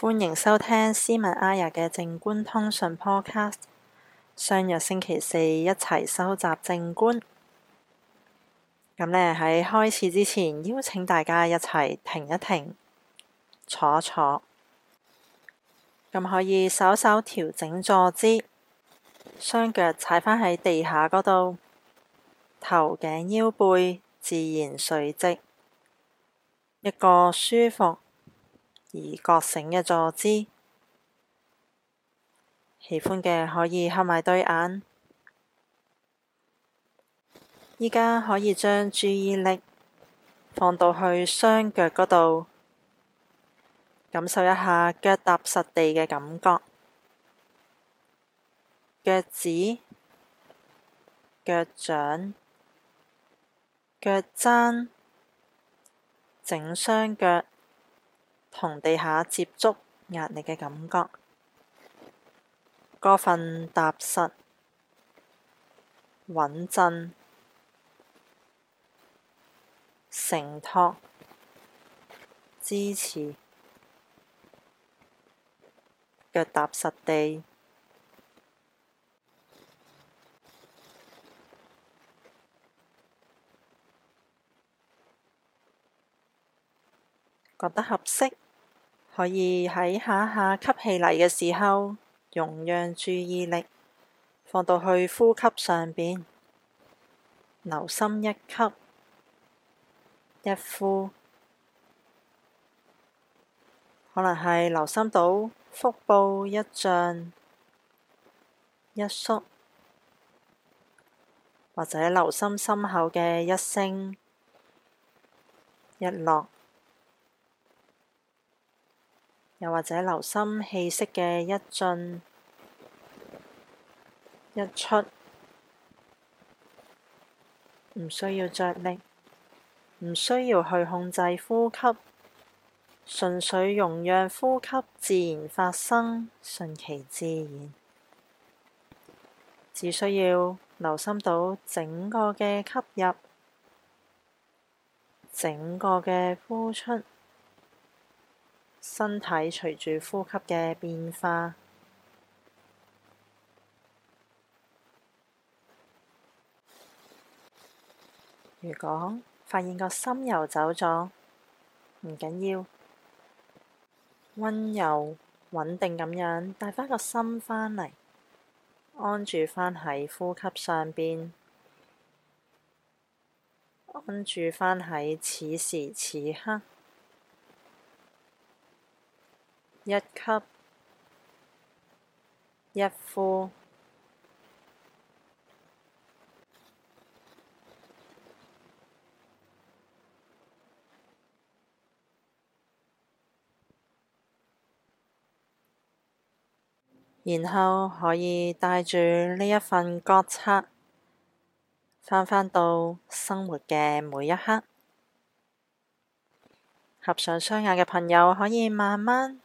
歡迎收聽斯文阿日嘅靜觀通訊 podcast。相約星期四一齊收集靜觀，咁呢，喺開始之前，邀請大家一齊停一停，坐一坐，咁可以稍稍調整坐姿，雙腳踩返喺地下嗰度，頭頸腰背自然垂直，一個舒服。而覺醒嘅坐姿，喜歡嘅可以合埋對眼。而家可以將注意力放到去雙腳嗰度，感受一下腳踏實地嘅感覺。腳趾、腳掌、腳踭，整雙腳，同地下接觸壓力嘅感覺，嗰份踏實、穩陣、承托、支持，腳踏實地。覺得合適，可以喺下下吸氣嚟嘅時候，容讓注意力放到去呼吸上邊，留心一吸一呼，可能係留心到腹部一脹一縮，或者留心心口嘅一升一落。又或者留心氣息嘅一進一出，唔需要着力，唔需要去控制呼吸，純粹容讓呼吸自然發生，順其自然。只需要留心到整個嘅吸入，整個嘅呼出。身體隨住呼吸嘅變化，如果發現個心又走咗，唔緊要，温柔穩定咁樣帶翻個心翻嚟，安住翻喺呼吸上面，安住翻喺此時此刻。一吸，一呼，然後可以帶住呢一份覺察，翻返到生活嘅每一刻。合上雙眼嘅朋友，可以慢慢，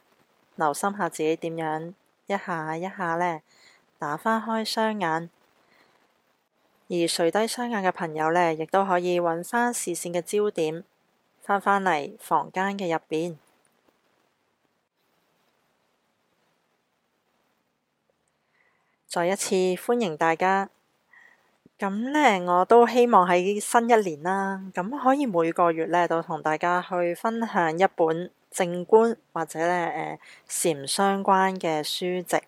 留心下自己點樣一下一下咧，打返開雙眼，而垂低雙眼嘅朋友咧，亦都可以搵返視線嘅焦點，返返嚟房間嘅入邊。再一次歡迎大家，咁咧我都希望喺新一年啦，咁可以每個月咧都同大家去分享一本。靜觀或者呢，誒、呃、禪相關嘅書籍，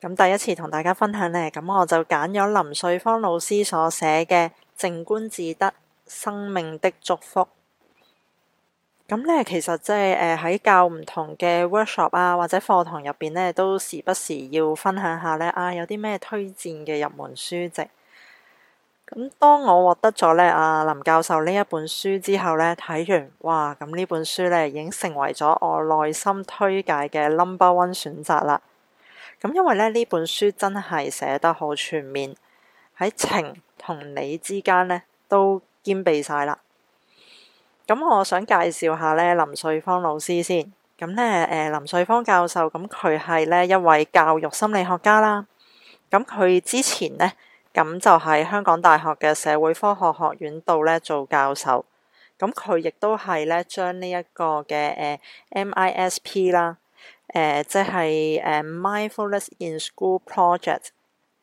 咁第一次同大家分享呢，咁我就揀咗林瑞芳老師所寫嘅《靜觀自得：生命的祝福》。咁呢，其實即係喺教唔同嘅 workshop 啊，或者課堂入邊呢，都時不時要分享下呢，啊，有啲咩推薦嘅入門書籍。咁當我獲得咗咧阿林教授呢一本書之後咧，睇完，哇！咁呢本書呢，已經成為咗我內心推介嘅 number one 選擇啦。咁因為咧呢本書真係寫得好全面，喺情同理之間呢，都兼備晒啦。咁我想介紹下咧林瑞芳老師先。咁咧誒林瑞芳教授，咁佢係咧一位教育心理學家啦。咁佢之前呢……咁就喺香港大學嘅社會科學學院度咧做教授，咁佢亦都係咧將呢一個嘅、呃、MISP 啦、呃，即係、呃、Mindfulness in School Project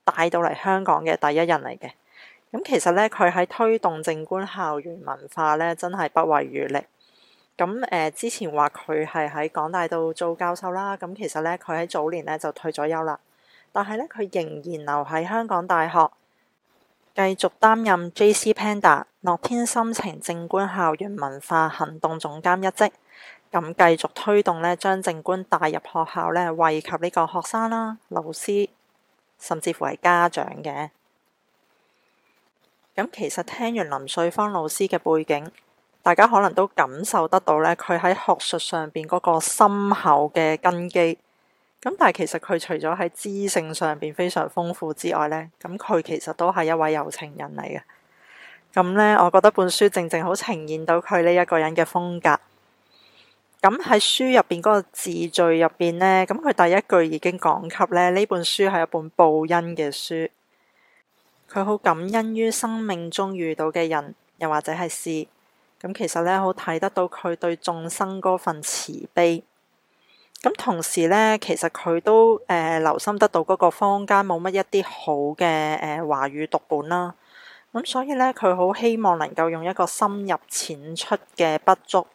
帶到嚟香港嘅第一人嚟嘅。咁其實咧，佢喺推動靜觀校園文化咧，真係不遺餘力。咁誒、呃、之前話佢係喺港大度做教授啦，咁其實咧佢喺早年咧就退咗休啦。但係呢佢仍然留喺香港大學，繼續擔任 J.C.Panda 樂天心情靜觀、校園文化行動總監一職，咁繼續推動咧，將靜觀帶入學校呢，惠及呢個學生啦、老師，甚至乎係家長嘅。咁其實聽完林瑞芳老師嘅背景，大家可能都感受得到呢佢喺學術上面嗰個深厚嘅根基。咁但係其實佢除咗喺知性上邊非常豐富之外呢，咁佢其實都係一位有情人嚟嘅。咁呢，我覺得本書正正好呈現到佢呢一個人嘅風格。咁喺書入邊嗰個字序入邊呢，咁佢第一句已經講及呢：「呢本書係一本報恩嘅書。佢好感恩於生命中遇到嘅人，又或者係事。」咁其實呢，好睇得到佢對眾生嗰份慈悲。咁同時呢，其實佢都誒、呃、留心得到嗰個坊間冇乜一啲好嘅誒華語讀本啦。咁所以呢，佢好希望能夠用一個深入淺出嘅筆觸，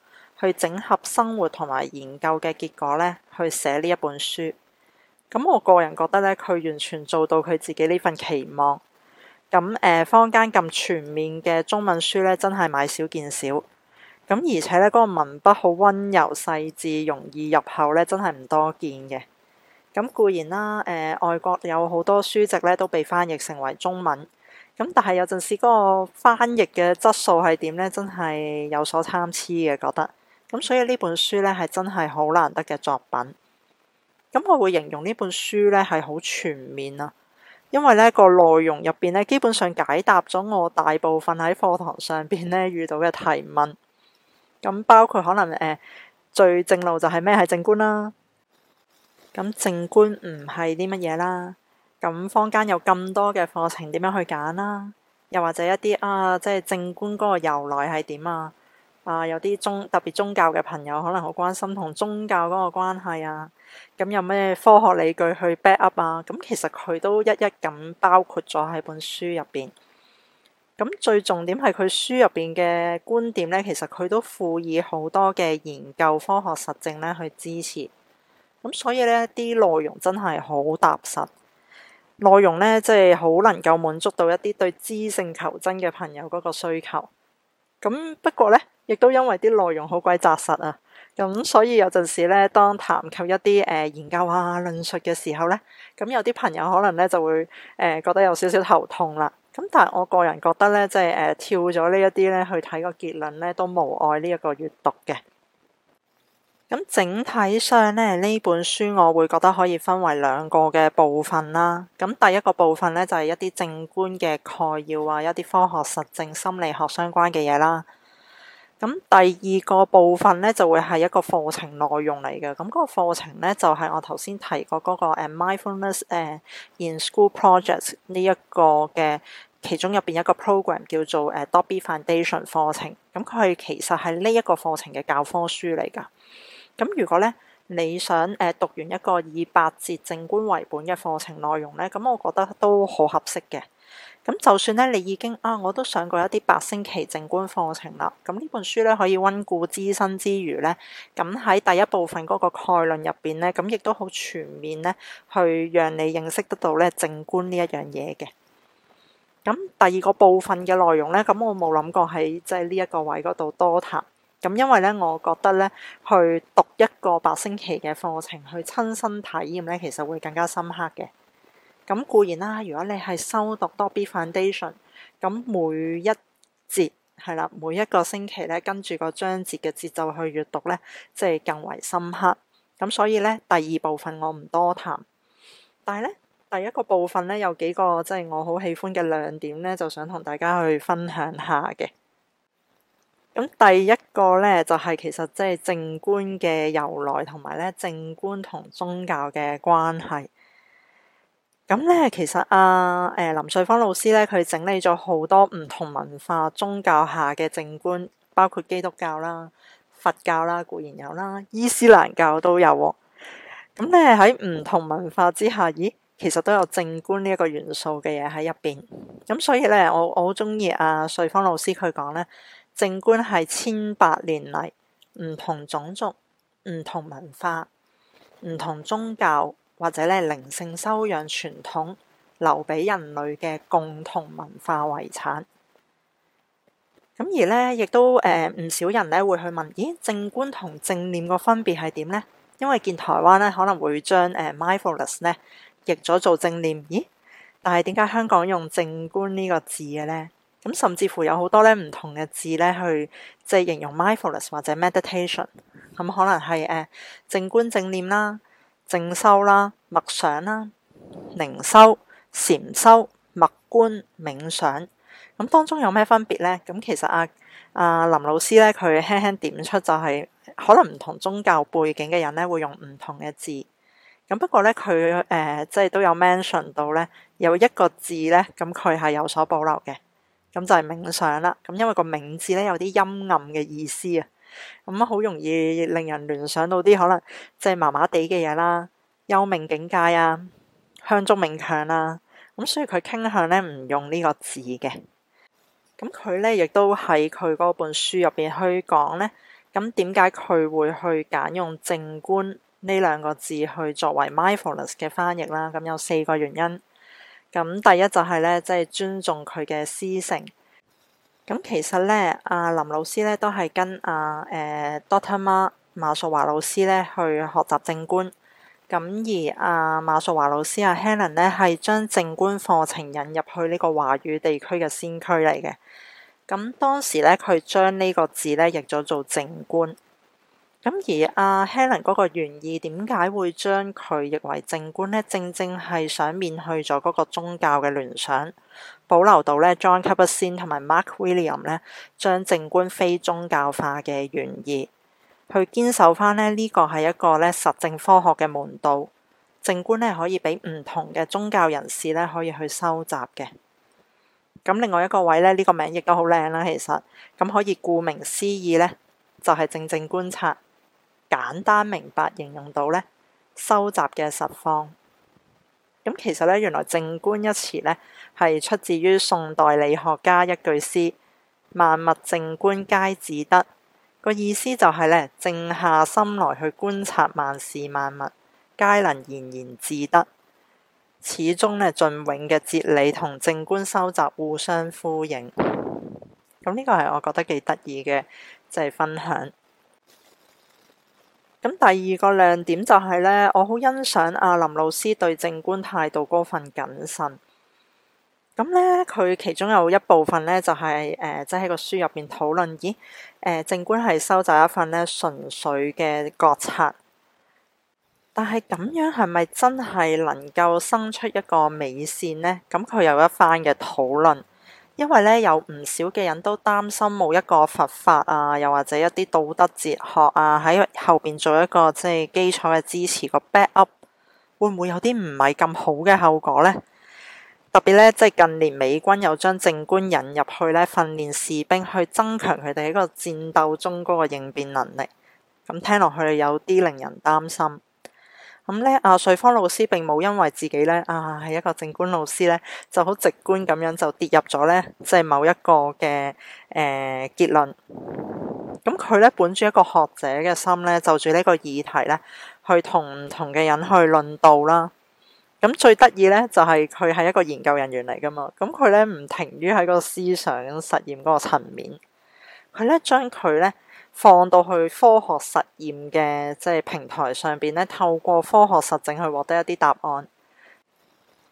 去整合生活同埋研究嘅結果呢，去寫呢一本書。咁我個人覺得呢，佢完全做到佢自己呢份期望。咁誒、呃，坊間咁全面嘅中文書呢，真係買少見少。咁而且呢，嗰個文筆好溫柔細緻，容易入口咧，真係唔多見嘅。咁固然啦，誒、呃、外國有好多書籍咧，都被翻譯成為中文。咁但係有陣時嗰個翻譯嘅質素係點咧？真係有所參差嘅，覺得咁。所以呢本書咧係真係好難得嘅作品。咁我會形容呢本書咧係好全面啊，因為咧個內容入邊咧基本上解答咗我大部分喺課堂上邊咧遇到嘅提問。咁包括可能誒、欸、最正路就係咩係靜觀啦，咁靜觀唔係啲乜嘢啦，咁坊間有咁多嘅課程點樣去揀啦、啊，又或者一啲啊即係、就是、靜觀嗰個由來係點啊，啊有啲宗特別宗教嘅朋友可能好關心同宗教嗰個關係啊，咁有咩科學理據去 back up 啊，咁其實佢都一一咁包括咗喺本書入邊。咁最重點係佢書入邊嘅觀點呢，其實佢都附以好多嘅研究、科學實證呢去支持。咁所以呢啲內容真係好踏實。內容呢即係好能夠滿足到一啲對知性求真嘅朋友嗰個需求。咁不過呢，亦都因為啲內容好鬼紮實啊，咁所以有陣時呢，當談及一啲誒、呃、研究啊論述嘅時候呢，咁有啲朋友可能呢就會誒、呃、覺得有少少頭痛啦。咁但係我個人覺得咧，即係誒跳咗呢一啲咧去睇個結論咧，都無礙呢一個閱讀嘅。咁整體上咧，呢本書我會覺得可以分為兩個嘅部分啦。咁第一個部分咧，就係、是、一啲靜觀嘅概要啊，一啲科學實證心理學相關嘅嘢啦。咁第二個部分咧，就會係一個課程內容嚟嘅，咁、這、嗰個課程咧就係我頭先提過嗰、那個 Mindfulness in School Projects 呢一個嘅其中入邊一個 program 叫做誒 .b Foundation 課程，咁佢其實係呢一個課程嘅教科書嚟㗎。咁如果咧你想誒讀完一個以八節靜觀為本嘅課程內容咧，咁我覺得都好合適嘅。咁就算咧，你已經啊，我都上過一啲八星期靜觀課程啦。咁呢本書咧可以溫故知新之餘咧，咁喺第一部分嗰個概論入邊咧，咁亦都好全面咧，去讓你認識得到咧靜觀呢一樣嘢嘅。咁第二個部分嘅內容咧，咁我冇諗過喺即係呢一個位嗰度多談。咁因為咧，我覺得咧，去讀一個八星期嘅課程去親身體驗咧，其實會更加深刻嘅。咁固然啦，如果你係修讀多 B Foundation，咁每一節係啦，每一個星期咧，跟住個章節嘅節奏去閱讀咧，即係更為深刻。咁所以咧，第二部分我唔多談，但係咧，第一個部分咧有幾個即係我好喜歡嘅亮點咧，就想同大家去分享下嘅。咁第一個咧就係其實即係靜觀嘅由來同埋咧靜觀同宗教嘅關係。咁咧，其實阿誒林瑞芳老師咧，佢整理咗好多唔同文化宗教下嘅靜觀，包括基督教啦、佛教啦、固然有啦、伊斯蘭教都有。咁咧喺唔同文化之下，咦，其實都有靜觀呢一個元素嘅嘢喺入邊。咁所以咧，我我好中意阿瑞芳老師佢講咧，靜觀係千百年嚟唔同種族、唔同文化、唔同宗教。或者咧，靈性修養傳統留俾人類嘅共同文化遺產。咁而咧，亦都誒唔、呃、少人咧會去問：咦，靜觀同正念個分別係點咧？因為見台灣咧可能會將誒、呃、mindfulness 咧譯咗做正念。咦，但係點解香港用靜觀呢個字嘅咧？咁、嗯、甚至乎有好多咧唔同嘅字咧去即係形容 mindfulness 或者 meditation。咁、嗯、可能係誒、呃、靜觀正念啦。正修啦、默想啦、靈修、禪修、默觀、冥想，咁當中有咩分別呢？咁其實阿阿林老師呢，佢輕輕點出就係可能唔同宗教背景嘅人呢，會用唔同嘅字。咁不過呢，佢誒即係都有 mention 到呢，有一個字呢，咁佢係有所保留嘅，咁就係、是、冥想啦。咁因為個冥字呢，有啲陰暗嘅意思啊。咁好、嗯、容易令人聯想到啲可能即係麻麻地嘅嘢啦，幽冥境界啊，香燭冥強啦，咁、嗯、所以佢傾向咧唔用呢個字嘅。咁佢咧亦都喺佢嗰本書入邊去講呢。咁點解佢會去揀用靜觀呢兩個字去作為 mindfulness 嘅翻譯啦？咁、嗯、有四個原因。咁、嗯、第一就係咧，即、就、係、是、尊重佢嘅詩性。咁其實呢，阿林老師呢都係跟阿誒 Doctor 馬馬淑華老師呢去學習靜觀。咁而阿馬淑華老師阿 Helen 呢係將靜觀課程引入去呢個華語地區嘅先驅嚟嘅。咁當時呢，佢將呢個字呢譯咗做靜觀。咁而阿 Helen 嗰個原意點解會將佢譯為靜觀呢？正正係想免去咗嗰個宗教嘅聯想。保留到呢 j o h n Gibson 同埋 Mark William 呢將靜觀非宗教化嘅原意，去堅守翻咧呢、這個係一個咧實證科學嘅門道。靜觀咧可以俾唔同嘅宗教人士呢可以去修習嘅。咁另外一個位呢，呢、這個名亦都好靚啦。其實咁可以顧名思義呢，就係、是、正正觀察，簡單明白形容到呢修習嘅實況。咁其實呢，原來靜觀一詞呢。係出自於宋代理學家一句詩：萬物靜觀皆自得。個意思就係咧，靜下心來去觀察萬事萬物，皆能言言自得。始終咧，雋永嘅哲理同靜觀修習互相呼應。咁呢個係我覺得幾得意嘅，就係分享。咁第二個亮點就係呢，我好欣賞阿林老師對靜觀態度嗰份謹慎。咁呢，佢其中有一部分呢，就係誒，即係喺個書入邊討論。咦？誒，靜觀係收集一份咧純粹嘅國策，但係咁樣係咪真係能夠生出一個美善呢？咁佢有一番嘅討論，因為呢，有唔少嘅人都擔心冇一個佛法啊，又或者一啲道德哲學啊，喺後邊做一個即係基礎嘅支持個 back up，會唔會有啲唔係咁好嘅後果呢？特別呢，即係近年美軍有將靜觀引入去呢，訓練士兵去增強佢哋喺個戰鬥中嗰個應變能力。咁聽落去有啲令人擔心。咁呢，阿瑞芳老師並冇因為自己呢，啊係一個靜觀老師呢，就好直觀咁樣就跌入咗呢，即係某一個嘅誒結論。咁佢呢，本住一個學者嘅心呢，就住呢個議題呢，去同唔同嘅人去論道啦。咁最得意咧，就係佢係一個研究人員嚟㗎嘛，咁佢咧唔停於喺個思想實驗嗰個層面，佢咧將佢咧放到去科學實驗嘅即係平台上邊咧，透過科學實證去獲得一啲答案。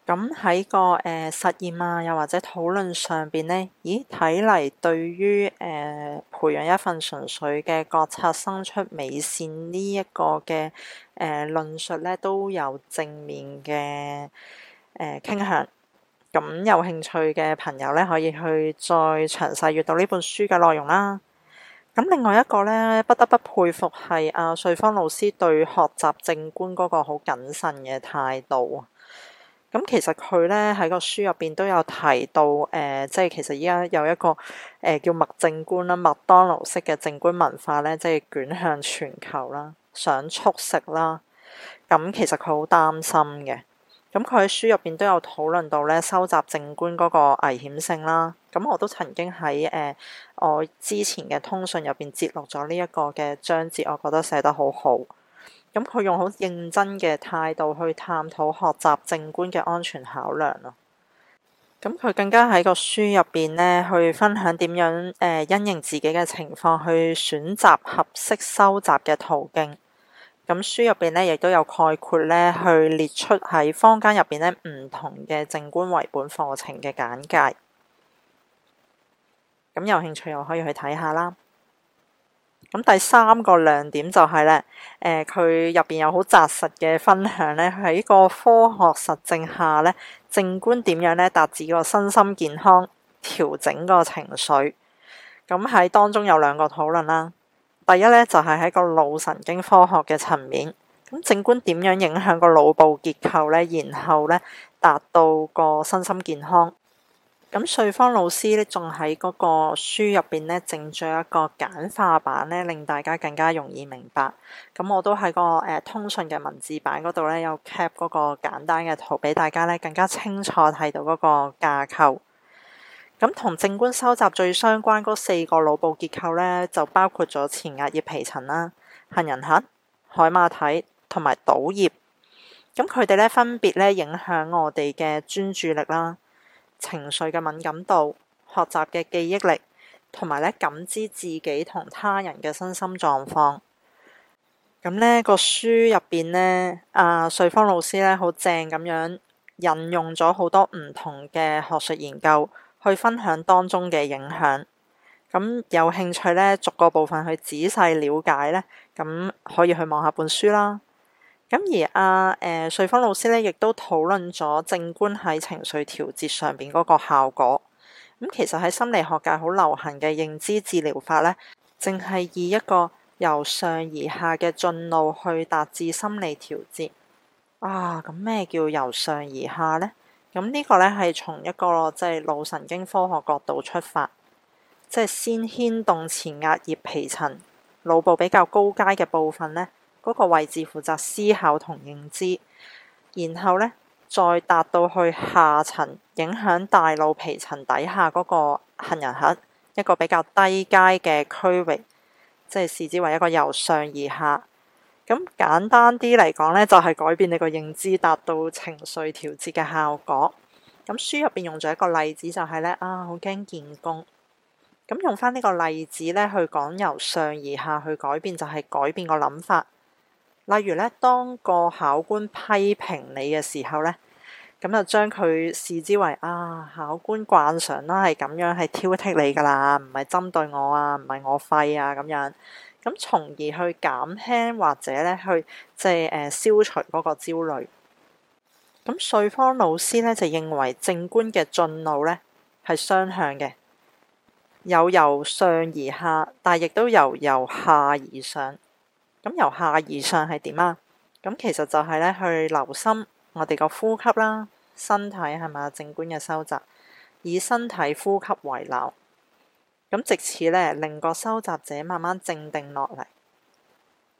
咁喺個誒、呃、實驗啊，又或者討論上邊呢，咦睇嚟，對於誒、呃、培養一份純粹嘅覺察、生出美善呢一個嘅誒論述呢，都有正面嘅誒傾向。咁有興趣嘅朋友呢，可以去再詳細閱讀呢本書嘅內容啦。咁另外一個呢，不得不佩服係阿、啊、瑞芳老師對學習靜觀嗰個好謹慎嘅態度。咁其實佢呢喺個書入邊都有提到，誒、呃，即係其實依家有一個誒、呃、叫麥靜觀啦，麥當勞式嘅靜觀文化呢，即係捲向全球啦，想速食啦。咁其實佢好擔心嘅，咁佢喺書入邊都有討論到呢，收集靜觀嗰個危險性啦。咁我都曾經喺誒、呃、我之前嘅通訊入邊節錄咗呢一個嘅章節，我覺得寫得好好。咁佢用好認真嘅態度去探討學習靜觀嘅安全考量啦。咁佢更加喺個書入邊呢去分享點樣因應自己嘅情況去選擇合適修習嘅途徑。咁書入邊呢亦都有概括呢去列出喺坊間入邊呢唔同嘅靜觀為本課程嘅簡介。咁有興趣又可以去睇下啦。咁第三個亮點就係、是、咧，誒佢入邊有好紮實嘅分享咧，喺個科學實證下咧，靜觀點樣咧達至個身心健康，調整個情緒。咁、嗯、喺當中有兩個討論啦，第一咧就係、是、喺個腦神經科學嘅層面，咁靜觀點樣影響個腦部結構咧，然後咧達到個身心健康。咁瑞芳老師咧，仲喺嗰個書入邊咧，整咗一個簡化版咧，令大家更加容易明白。咁我都喺個誒、呃、通訊嘅文字版嗰度咧，有 cap 嗰個簡單嘅圖，俾大家咧更加清楚睇到嗰個架構。咁同靜觀收集最相關嗰四個腦部結構咧，就包括咗前額葉皮層啦、杏仁核、海馬體同埋島葉。咁佢哋咧分別咧影響我哋嘅專注力啦。情緒嘅敏感度、學習嘅記憶力，同埋咧感知自己同他人嘅身心狀況。咁呢個書入邊呢，阿、啊、瑞芳老師咧好正咁樣引用咗好多唔同嘅學術研究，去分享當中嘅影響。咁有興趣咧，逐個部分去仔細了解咧，咁可以去望下本書啦。咁而阿誒、呃、瑞芳老師咧，亦都討論咗靜觀喺情緒調節上邊嗰個效果。咁其實喺心理學界好流行嘅認知治療法呢，淨係以一個由上而下嘅進路去達至心理調節啊。咁咩叫由上而下呢？咁呢個呢，係從一個即係腦神經科學角度出發，即、就、係、是、先牽動前額葉皮層腦部比較高階嘅部分呢。嗰個位置負責思考同認知，然後呢，再達到去下層影響大腦皮層底下嗰個杏仁核，一個比較低階嘅區域，即係視之為一個由上而下。咁簡單啲嚟講呢，就係改變你個認知，達到情緒調節嘅效果。咁書入邊用咗一個例子，就係呢：「啊，好驚見工」。咁用翻呢個例子呢，去講由上而下去改變，就係改變個諗法。例如咧，當個考官批評你嘅時候咧，咁就將佢視之為啊，考官慣常啦，係咁樣係挑剔你噶啦，唔係針對我啊，唔係我廢啊咁樣，咁從而去減輕或者咧去即係誒消除嗰個焦慮。咁瑞芳老師咧就認為靜觀嘅進路咧係雙向嘅，有由上而下，但亦都由由下而上。咁由下而上係點啊？咁其實就係呢，去留心我哋個呼吸啦，身體係咪啊？靜觀嘅修習，以身體呼吸為流。咁藉此呢，令個修習者慢慢靜定落嚟。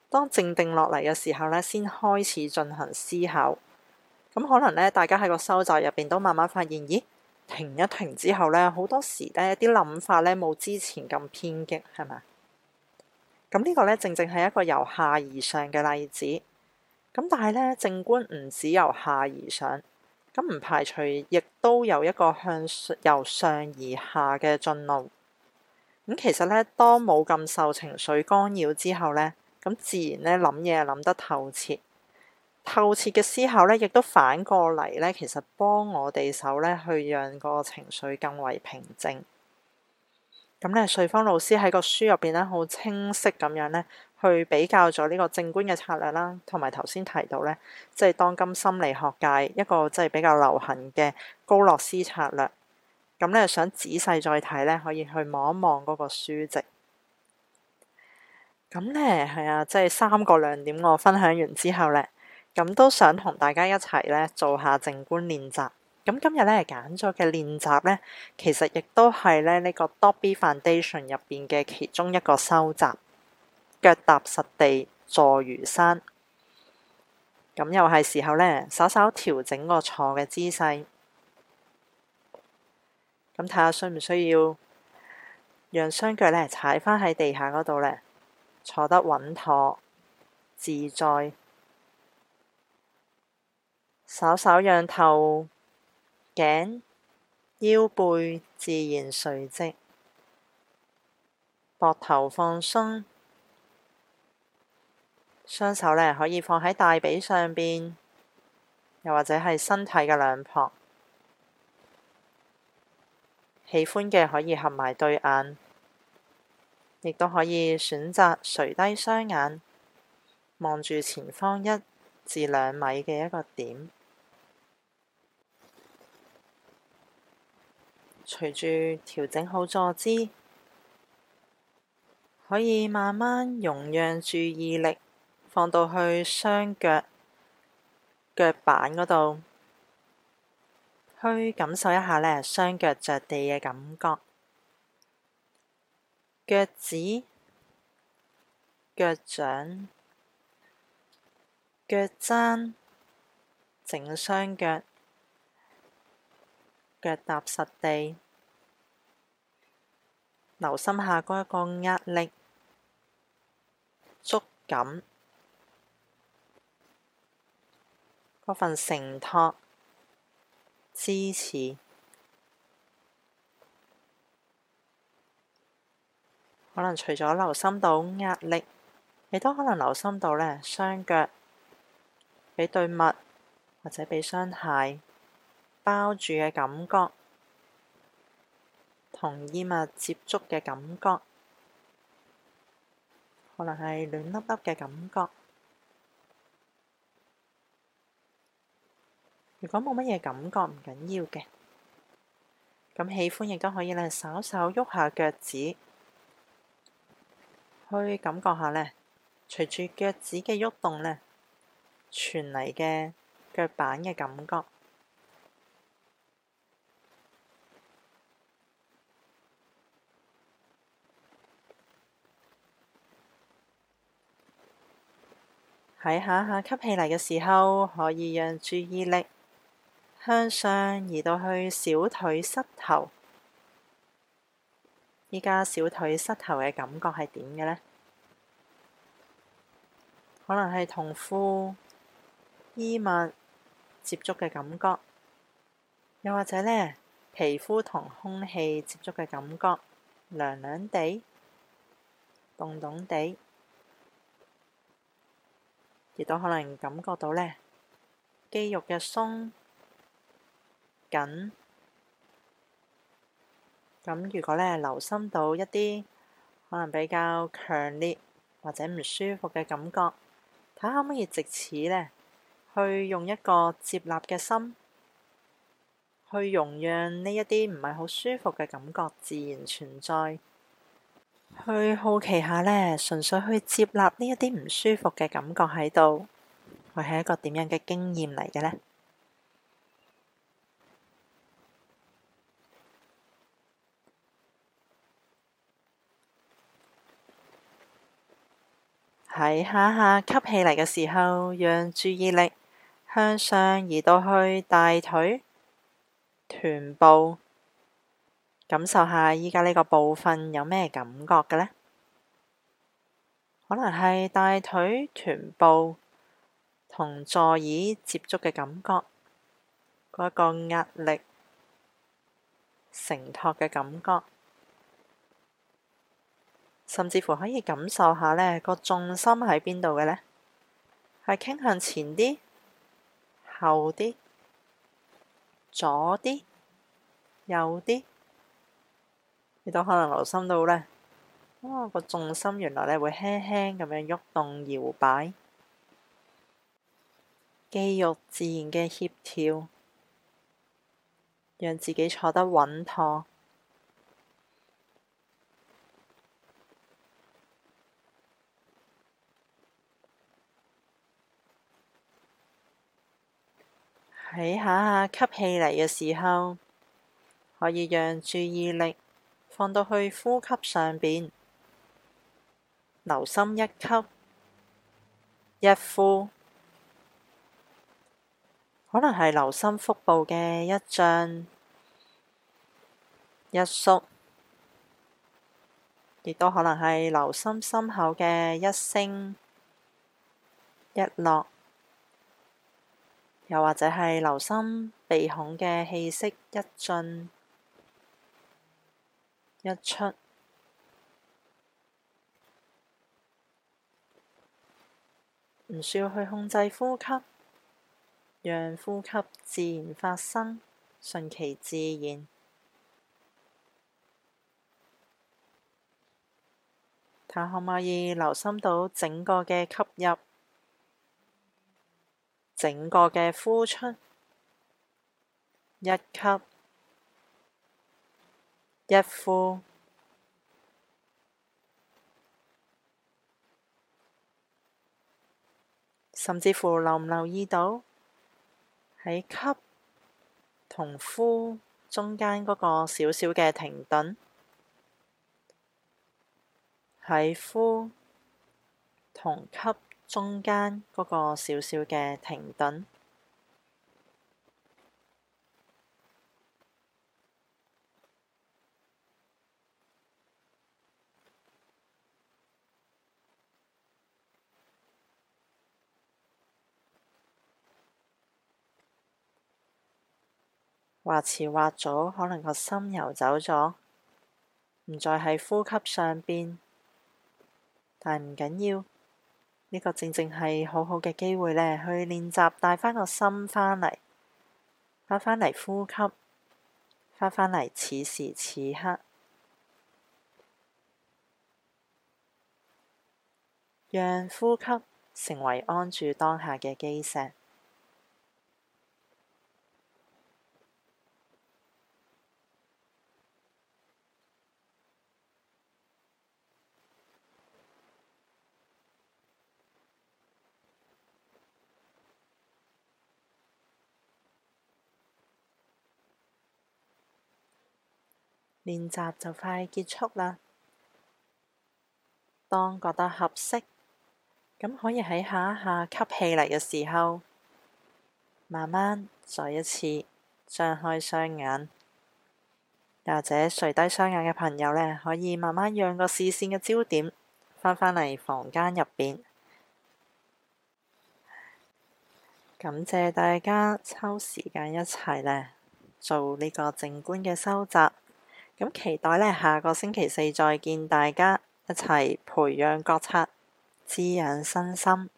當靜定落嚟嘅時候呢，先開始進行思考。咁可能呢，大家喺個修習入邊都慢慢發現，咦？停一停之後呢，好多時呢啲諗法呢冇之前咁偏激，係咪？咁呢個呢，正正係一個由下而上嘅例子。咁但係呢，靜觀唔止由下而上，咁唔排除亦都有一個向由上而下嘅進路。咁其實呢，當冇咁受情緒干擾之後呢，咁自然呢，諗嘢諗得透徹，透徹嘅思考呢，亦都反過嚟呢，其實幫我哋手呢，去讓個情緒更為平靜。咁呢，瑞芳老師喺個書入邊呢，好清晰咁樣呢，去比較咗呢個靜觀嘅策略啦，同埋頭先提到呢，即係當今心理學界一個即係比較流行嘅高洛斯策略。咁呢、嗯，想仔細再睇呢，可以去望一望嗰個書籍。咁呢，係啊，即係三個亮點我分享完之後呢，咁都想同大家一齊呢，做下靜觀練習。咁今日咧揀咗嘅練習咧，其實亦都係咧呢個 .b foundation 入邊嘅其中一個修習：腳踏實地，坐如山。咁又係時候咧，稍稍調整個坐嘅姿勢。咁睇下需唔需要讓雙腳咧踩翻喺地下嗰度咧，坐得穩妥自在，稍稍讓頭頸、腰背自然垂直，膊頭放鬆，雙手呢可以放喺大髀上邊，又或者係身體嘅兩旁，喜歡嘅可以合埋對眼，亦都可以選擇垂低雙眼，望住前方一至兩米嘅一個點。隨住調整好坐姿，可以慢慢容讓注意力放到去雙腳腳板嗰度，去感受一下呢雙腳着地嘅感覺，腳趾、腳掌、腳踭，整雙腳。腳踏實地，留心下嗰一個壓力、觸感、嗰份承托、支持，可能除咗留心到壓力，你都可能留心到呢雙腳俾對襪，或者俾雙鞋。包住嘅感覺，同衣物接觸嘅感覺，可能係暖粒粒嘅感覺。如果冇乜嘢感覺，唔緊要嘅。咁喜歡亦都可以咧，稍稍喐下腳趾，去感覺下咧。隨住腳趾嘅喐動咧，傳嚟嘅腳板嘅感覺。睇下，下吸氣嚟嘅時候，可以讓注意力向上移到去小腿膝頭。而家小腿膝頭嘅感覺係點嘅呢？可能係同褲衣物接觸嘅感覺，又或者呢，皮膚同空氣接觸嘅感覺，涼涼地、凍凍地。亦都可能感覺到呢肌肉嘅鬆緊。咁如果呢留心到一啲可能比較強烈或者唔舒服嘅感覺，睇下可唔可以藉此呢，去用一個接納嘅心，去容讓呢一啲唔係好舒服嘅感覺自然存在。去好奇下咧，純粹去接納呢一啲唔舒服嘅感覺喺度，會係一個點樣嘅經驗嚟嘅咧？喺下下吸氣嚟嘅時候，讓注意力向上移到去大腿、臀部。感受下而家呢個部分有咩感覺嘅呢？可能係大腿、臀部同座椅接觸嘅感覺，嗰個壓力承托嘅感覺，甚至乎可以感受下呢個重心喺邊度嘅呢？係傾向前啲、後啲、左啲、右啲？你都可能留心到咧，咁，哦，我個重心原來咧會輕輕咁樣喐動搖擺，肌肉自然嘅協調，讓自己坐得穩妥。喺下下吸氣嚟嘅時候，可以讓注意力。放到去呼吸上邊，留心一吸一呼，可能係留心腹部嘅一漲一縮，亦都可能係留心心口嘅一升一落，又或者係留心鼻孔嘅氣息一進。日出，唔需要去控制呼吸，讓呼吸自然發生，順其自然。睇下可唔可以留心到整個嘅吸入，整個嘅呼出，日吸，一呼，甚至乎留唔留意到，喺吸同呼中間嗰個小小嘅停頓，喺呼同吸中間嗰個小小嘅停頓。或遲或早，可能個心游走咗，唔再喺呼吸上邊，但唔緊要，呢個正正係好好嘅機會咧，去練習帶翻個心返嚟，返返嚟呼吸，返返嚟此時此刻，讓呼吸成為安住當下嘅基石。練習就快結束啦。當覺得合適，咁可以喺下一下吸氣嚟嘅時候，慢慢再一次張開雙眼，或者垂低雙眼嘅朋友咧，可以慢慢讓個視線嘅焦點翻返嚟房間入邊。感謝大家抽時間一齊咧做呢個靜觀嘅修習。咁期待呢，下個星期四再見大家，一齊培養覺察，滋養身心。